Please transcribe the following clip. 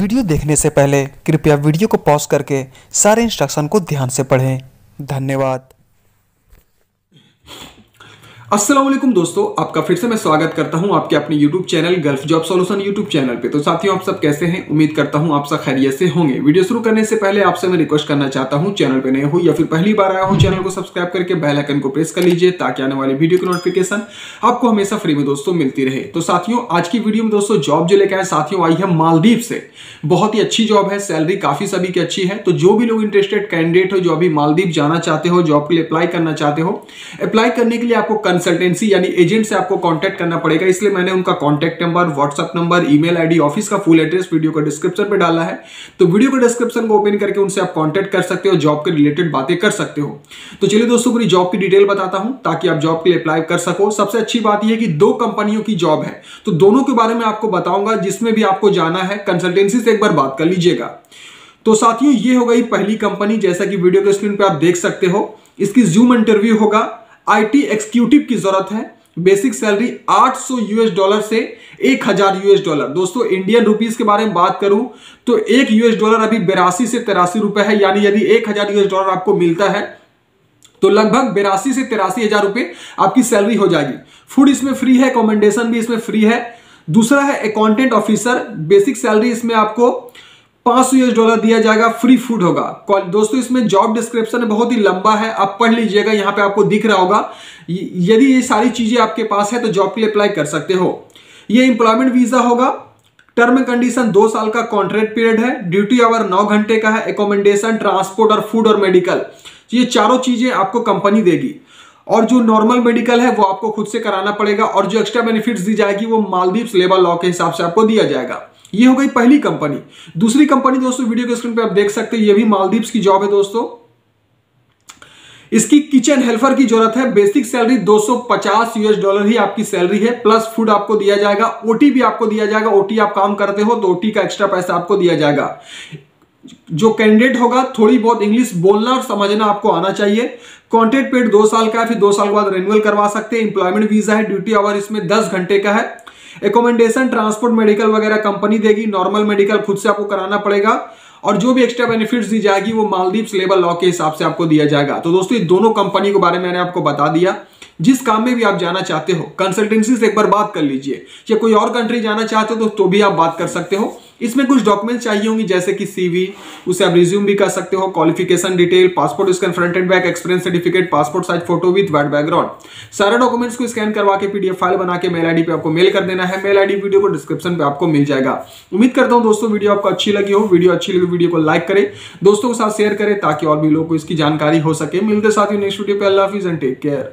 video देखने से पहले कृपया वीडियो को पॉज करके सारे इंस्ट्रक्शन को ध्यान से पढ़ें धन्यवाद असलम दोस्तों आपका फिर से मैं स्वागत करता हूं आपके अपने YouTube channel Gulf job solution YouTube channel पे तो साथियों आप सब कैसे हैं उम्मीद करता हूं आप सब खैरियत से होंगे वीडियो शुरू करने से पहले आपसे मैं रिक्वेस्ट करना चाहता हूं चैनल पे नए हो या फिर पहली बार आया हो चैनल को सब्सक्राइब करके बेल आइकन को प्रेस कर लीजिए ताकि आने वाली वीडियो की नोटिफिकेशन आपको हमेशा फ्री में दोस्तों मिलती रहे तो साथियों आज की वीडियो में दोस्तों जॉब जो लेकर आए साथियों आई है मालदीव से बहुत ही अच्छी जॉब है सैलरी काफी सभी की अच्छी है तो जो भी लोग इंटरेस्टेड कैंडिडेट हो जो अभी मालदीव जाना चाहते हो जॉब के लिए अप्लाई करना चाहते हो अप्लाई करने के लिए आपको कंसल्टेंसी यानी एजेंट से आपको कांटेक्ट करना पड़ेगा इसलिए मैंने उनका contact number WhatsApp number email ID office का फुल एड्रेस वीडियो का डिस्क्रिप्शन पर डाला है तो वीडियो को डिस्क्रिप्शन को ओपन करके उनसे आप कॉन्टैक्ट कर सकते हो जॉब के रिलेटेड बातें कर सकते हो तो चलिए दोस्तों पूरी जॉब की डिटेल बताता हूं ताकि आप जॉब के लिए अप्लाई कर सको सबसे अच्छी बात यह कि दो कंपनियों की जॉब है तो दोनों के बारे में आपको बताऊंगा जिसमें भी आपको जाना है कंसल्टेंसी से एक बार बात कर लीजिएगा तो साथियों ये हो गई पहली कंपनी जैसा कि वीडियो के स्क्रीन पे आप देख सकते हो इसकी जूम इंटरव्यू होगा आईटी एक्सक्यूटिव की जरूरत है बेसिक सैलरी 800 यूएस डॉलर से 1000 यूएस डॉलर दोस्तों इंडियन रुपीस के बारे में बात करूं तो एक यूएस डॉलर अभी बेरासी से तेरासी रुपए है यानी यदि 1000 यूएस डॉलर आपको मिलता है तो लगभग बेरासी से तेरासी हजार रुपए आपकी सैलरी हो जाएगी फूड इसमें फ्री है कॉमेंडेशन भी इसमें फ्री है दूसरा है अकाउंटेंट ऑफिसर बेसिक सैलरी इसमें आपको पांच सौ यूएस डॉलर दिया जाएगा फ्री फूड होगा दोस्तों इसमें जॉब डिस्क्रिप्शन बहुत ही लंबा है आप पढ़ लीजिएगा यहाँ पे आपको दिख रहा होगा यदि ये सारी चीजें आपके पास है तो जॉब के लिए अप्लाई कर सकते हो ये इंप्लॉयमेंट वीजा होगा टर्म कंडीशन दो साल का कॉन्ट्रैक्ट पीरियड है ड्यूटी आवर नौ घंटे का है एकोमेंडेशन ट्रांसपोर्ट और फूड और मेडिकल तो ये चारों चीजें आपको कंपनी देगी और जो नॉर्मल मेडिकल है वो आपको खुद से कराना पड़ेगा और जो एक्स्ट्रा बेनिफिट्स दी जाएगी वो मालदीव्स लेबर लॉ के हिसाब से आपको दिया जाएगा ये हो गई पहली कंपनी दूसरी कंपनी दोस्तों वीडियो के स्क्रीन पे आप देख सकते हैं ये भी मालदीव्स की जॉब है दोस्तों इसकी किचन हेल्पर की जरूरत है बेसिक सैलरी 250 यूएस डॉलर ही आपकी सैलरी है प्लस फूड आपको दिया जाएगा ओटी भी आपको दिया जाएगा ओटी आप काम करते हो तो ओटी का एक्स्ट्रा पैसा आपको दिया जाएगा जो कैंडिडेट होगा थोड़ी बहुत इंग्लिश बोलना और समझना आपको आना चाहिए कॉन्ट्रेक्ट पेड दो साल का है फिर दो साल के बाद रिन्यूअल करवा सकते हैं इंप्लॉयमेंट वीजा है ड्यूटी आवर इसमें दस घंटे का है एकोमेंडेशन ट्रांसपोर्ट मेडिकल वगैरह कंपनी देगी नॉर्मल मेडिकल खुद से आपको कराना पड़ेगा और जो भी एक्स्ट्रा बेनिफिट्स दी जाएगी वो मालदीव्स लेबर लॉ के हिसाब से आपको दिया जाएगा तो दोस्तों ये दोनों कंपनी के बारे में मैंने आपको बता दिया जिस काम में भी आप जाना चाहते हो कंसल्टेंसी से एक बार बात कर लीजिए या कोई और कंट्री जाना चाहते हो तो, तो भी आप बात कर सकते हो इसमें कुछ डॉक्यूमेंट्स चाहिए होंगे जैसे कि सीवी उसे आप रिज्यूम भी कर सकते हो qualification detail passport scan front and back experience certificate passport size photo with white background सारे डॉक्यूमेंट्स को स्कैन करवा के पीडीएफ फाइल बना के मेल आईडी पे आपको मेल कर देना है मेल आईडी वीडियो को डिस्क्रिप्शन पे आपको मिल जाएगा उम्मीद करता हूँ दोस्तों वीडियो आपको अच्छी लगी हो वीडियो अच्छी लगी वीडियो को लाइक करें दोस्तों के साथ शेयर करें ताकि और भी लोगों को इसकी जानकारी हो सके मिलते साथ ही नेक्स्ट वीडियो पे अल्लाह हाफिज एंड टेक केयर